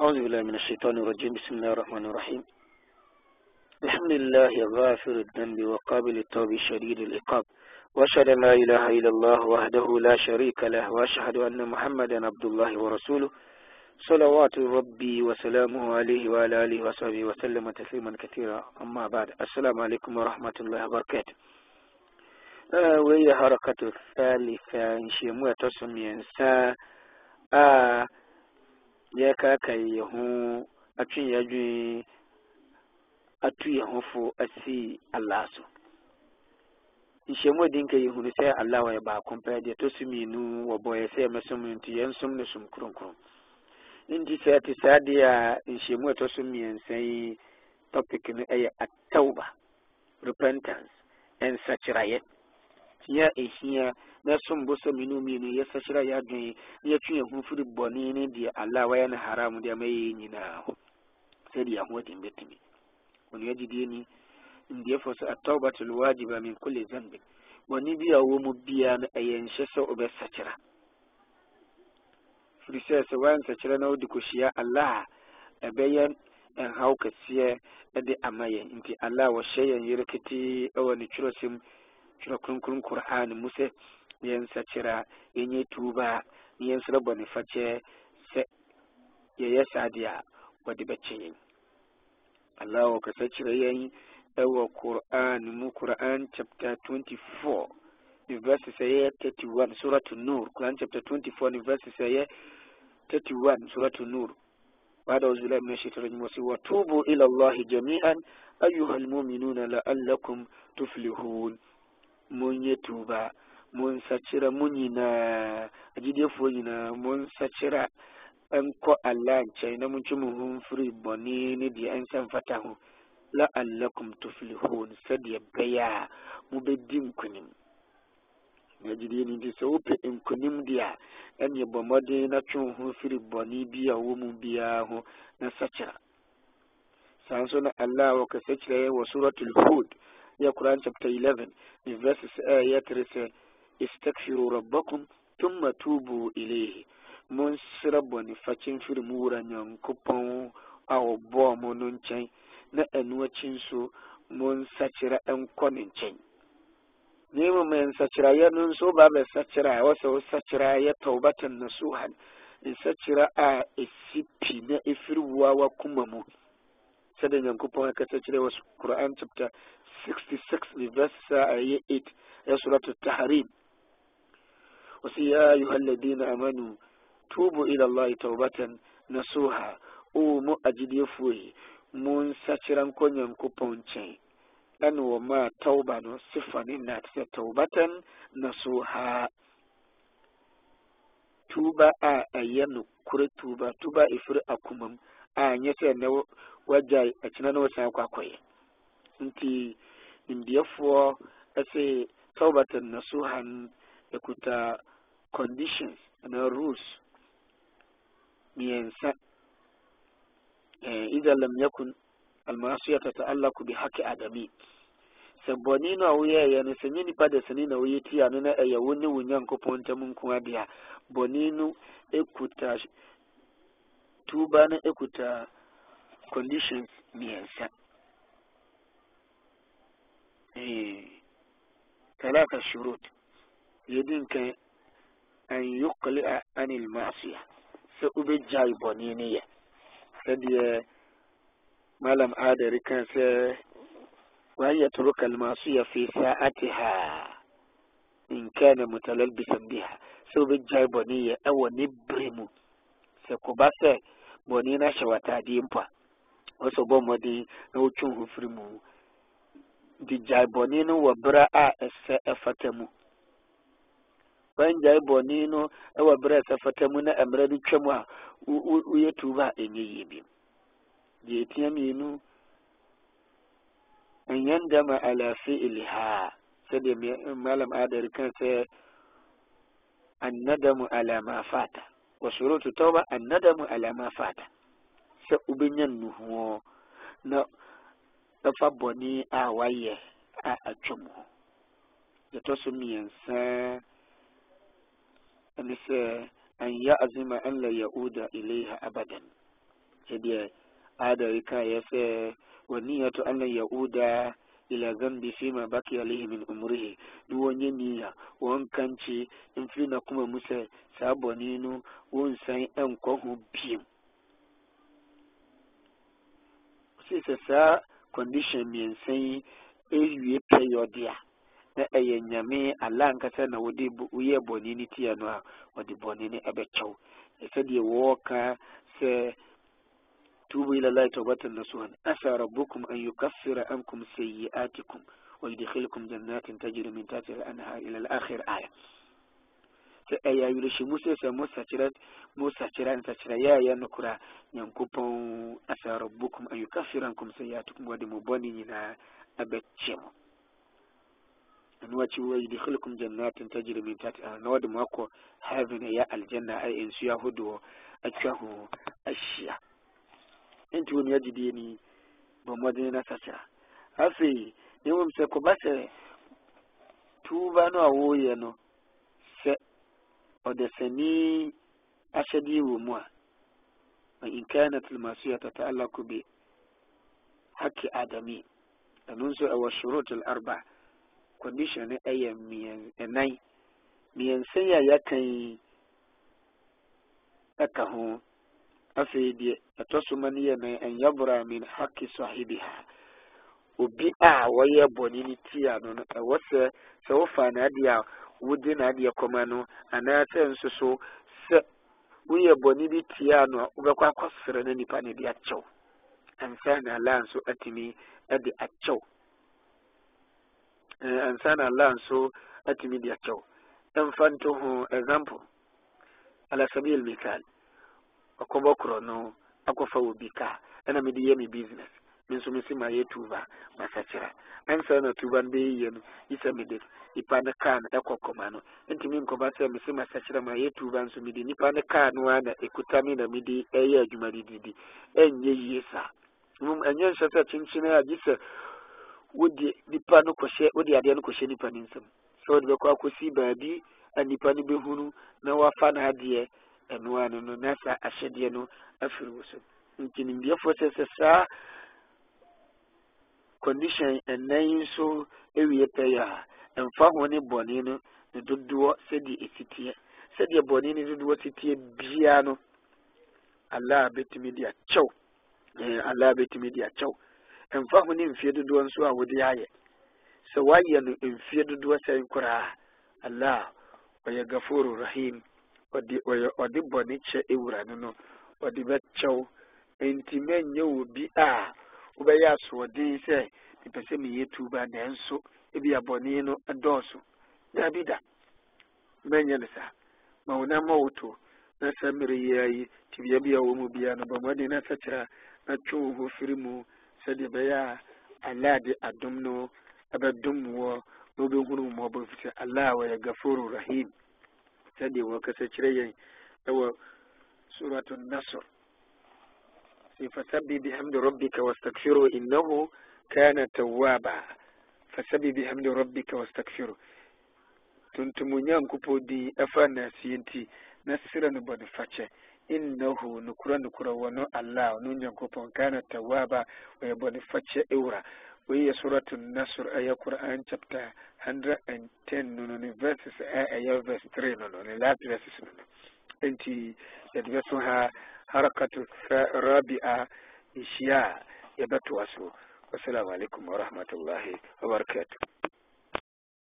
أعوذ بالله من الشيطان الرجيم بسم الله الرحمن الرحيم الحمد لله غافر الذنب وقابل التوب شديد العقاب وأشهد أن لا إله إلا الله وحده لا شريك له وأشهد أن محمدا عبد الله ورسوله صلوات ربي وسلامه عليه وعلى آله وصحبه وسلم تسليما كثيرا أما بعد السلام عليكم ورحمة الله وبركاته آه وهي حركة الثالثة إن شيء مو تسمي إنسان آه yɛrekaakae yɛn ho atwe yɛn adwene ato yɛn ho fo asii allah so nhyiamu a dinka yi hunu sɛ allah yɛ baako mpɛ deɛ ɛtɔ so mmienu wɔbɔ yɛ sɛ yɛmɛsom no nti yɛnsom no som kronkron nti sɛ te saa deɛ a nhyiamu a ɛtɔ so mmiɛnsa yi topic no ɛyɛ atawba repentance ɛnsakyerayɛ E ya ehia na som bo minu mmienu mmienu yɛsɛ hyerɛ yɛ adwene na yɛtwe yɛn ho firi bɔne ne deɛ ala wayɛ haram deɛ ama yɛyɛ na ho sɛdeɛ yɛn ho aden bɛtumi onua gyidie ni ndiɛfoɔ sɛ atawbatul wajiba min kulli zanbi bɔne bi a wɔ mu biara no ɛyɛ nhyɛ sɛ wobɛsakyera firi sɛ sɛ woansakyera na wode kɔhyia allah a en ɛnhaw kɛseɛ de amaye inti allah wa yɛn yere ketee ɛwɔ cira kunkurun qur'an musa yen sa cira yen yi tuba yen sira bani face ya yi ya sadiya wadi bace yin Allah wa kasa cira yen ewa kur'an mu kur'an chapter 24 the verse say 31 surah an-nur qur'an chapter 24 the verse say 31 surah an-nur بعد أعوذ بالله من الشيطان الرجيم وتوبوا إلى الله جميعا أيها المؤمنون لعلكم تفلحون mun yi tuba mun na ajide fo agyidefoɔ na mun an ko allah nkyɛn na hun mu boni ni di ne deɛ ɛnsa hu ho allakum tuflihun sɛdeɛ bɛyɛ a mubɛdi nkonim agyidie no nti sɛ pe nkonim deɛ a ɛneɛ bɔ mmɔden na twe wo ho firi boni biya a mu biya ho na sacira saa nso na allah wɔkasa kyerɛ yɛ wɔ suratul hud ya Quran chapter 11 in verses ya tarisa istaghfiru rabbakum thumma tubu ilayhi mun sira facin fakyɛn firi mu wura kupon a ɔbɔɔ mo no nkyɛn na su mun sacira mo konin cin ne nkyɛn na sacira ya nun so nso ba sacira ya ɛwɔ sɛ sacira ya tɔwbatan nasuhan sacira a ɛsi na ifirwa wa kuma mu yan nyankopɔn akasa sacira wasu quran chapter 66 verse 8 uh, ya suratu tahrim wasu ya yi halladi na amanu tubu ila Allah taubatan soha. o mu a ajide fuyi mun saciran konyan kupon cin ɗan wa ma tauba no sifanin na ta taubatan na soha. tuba a ayyanu kure tuba tuba ifir akumam a nyese na wajen a cinan wasan kwakwaye nti nimdeɛfoɔ ɛse tawbatan nasuhan ɛkuta conditions anaa rules mmiɛnsa eh, idha lam yakun almasiya tata'allaku bi haqqi adami sɛ bɔne no a woyɛɛyɛ no sɛ nyɛ nipa da sani na woyɛ tia no na ɛyɛ wo ne wo nyankopɔn ntam nko a deɛ a bɔne no ɛkuta tuba no ɛkuta conditions mmiɛnsa ثلاثة شروط يدينك أن يقلع عن المعصية سأبجاي بنينية سدي لم آدري كان وهي يترك المعصية في ساعتها إن كان متلبسا بها سأبجاي بنية أو نبرم سكباسة بنينا شواتا با وسبو مدين أو تشوه فرمو di gyae bɔne no wɔ berɛ a ɛsɛ ɛfata mu wɔngyae bɔne no wɔ berɛ a ɛsɛ fata mu na mmerɛ no twam a woyɛ tuuba a ɛnyɛ yie bi deɛ ɛtia mmienu ɛnyɛ ndama ala fi'ili haa sɛdeɛ malam adar kan sɛ anadamu ala ma fata wa surutu tauba annadamu ala ma fata sɛ wobɛnya nnuhoɔ na ɛfa bɔne a wayɛ a atwam ho yɛtɔ so mmiɛnsa ɛne sɛ an yɛ azima an la yauda ilaiha abadan sɛdeɛ ada yi kaeɛ sɛ waniyatu an la yauda ila zambi fima baki alaihi min umrihi duk wani niya wankanci in fi na kuma musa saboni no wonsan ɛnkɔ ho biem sɛ sɛ saa condition mmiɛnsa yi ewie period a na ɛyɛ nyame ala nkasa na wɔde woyɛ bɔne ne tia no a wɔde bɔne no ɛbɛkyɛw sɛdeɛ wɔɔka sɛ tubu ila lai tawbatan nasuhan asa rabbukum an yukaffira ankum sayyi'atikum wa yudkhilukum jannatin tajri min tahtiha al-anhar ila al-akhir aya Eh, ya yule ayayurishe musese musakiran musakiran sakira ya nukura yankupon asa rabbukum an yukaffirankum sayyi'atukum wa dimubani nyina abaccemo anuwa ci wa yudkhilukum jannatin tajri min tahtiha anwad ah, mako havin ya aljanna ay in suya hudu akahu ashiya intu ne yajidi ni bomodin na sakira afi ne mumse ko base tuba no awoye no ɔdesani ahyɛdeɛ wɔ mu a وإن كانت المعصية تتعلق بحق آدمي أنونسو أو الشروط الأربع condition أي ميان ميانسن يا يكن أكا هو أفي دي أتوسو من أن يبرى من حق صاحبها obi a wɔyɛ bɔne no ti a no no ɛwɔ sɛ sɛ wofa no adeɛ a wodi n'adeɛ kɔma no anaasɛ nso so sɛ woyɛ bɔne bi tia no a wobɛkɔ akɔsrɛ no nipa ne de akyɛw ansa na ala nso atumi de akyɛw ansa na ala nso atumi de akyɛw ɛmfa nto ho example alasabiel mikal ɔkɔbɔ korɔ no akɔfa wɔ bi kaa ɛna mede yɛ me business me nso mesi ma yɛ tuba masakyera ansa e na tuba no bɛyɛ no yisɛ mede nipa e no kaa no ɛkɔ e kɔma no ntumi nkɔba sɛ mesi masakyera ma yɛ tuba nso mede nipa no kaa no a na ɛkuta me na mede ɛyɛ adwuma no didi ɛnyɛ yie saa mmom ɛnyɛ nhyɛ sɛ kyenkyene a gye sɛ wode nipa no kɔhyɛ wode adeɛ no kɔhyɛ nipa no nsam sɛ wode bɛkɔ akɔsi baabi a nipa no bɛhunu na wafa no adeɛ ɛnoa no no na saa ahyɛdeɛ no afiri wo so nti nimdeɛfoɔ sɛ sɛ saa condition ɛnan yi nso awie pɛyɛ a ɛmfa ho ne bɔne no ne dodoɔ sɛdeɛ ɛsiteɛ sɛdeɛ bɔne ne dodoɔ siteɛ biara no alaa bɛtumi de akyɛw ɛɛ alaa bɛtumi de akyɛw ɛmfa ho ne mfie dodoɔ nso a wɔde ayɛ sɛ wayɛ no mfie dodoɔ sɛn koraa alaa ɔyɛ gaforo rahim ɔde ɔyɛ ɔde bɔne kyɛ ewura no no ɔde bɛkyɛw nti mɛnyɛ obi a wobɛyɛ asoɔden sɛ mepɛ sɛ meyɛ tuba nanso ebi abɔne no dɔɔso daabi da mɛnyɛ no saa ma wo nam ma woto na sɛ mmere yia yi tibea bi a wɔ mu bia no bɔmmɔden na sɛkyerɛ na twe wo ho firi mu sɛdeɛ ɛbɛyɛ a alaade adom no ɛbɛdom wɔ na wobɛhunu mmɔbɔ firi sɛ allah wɔyɛ gafuru rahim sɛdeɛ wɔkasa kyerɛ yɛn ɛwɔ suratun nasr fasabbih bihamdi rabbika wastaghfiru innahu kana tawwaba fasabbih bihamdi rabbika wastaghfiru tuntumu nyankopɔn di ɛfa naaseɛ nti na serɛ no bɔne fakyɛ innahu nokora nokora wɔno allah ɔno nyankopɔn kana tawaba ɔyɛ bɔne fakyɛ ɛwura wei yɛ suratu nasr ɛyɛ quran chapter 110 no no ne verses a verse 3 no no ne verses no enti yɛde bɛso حركة رابعة شيعة يبتوسو والسلام عليكم ورحمة الله وبركاته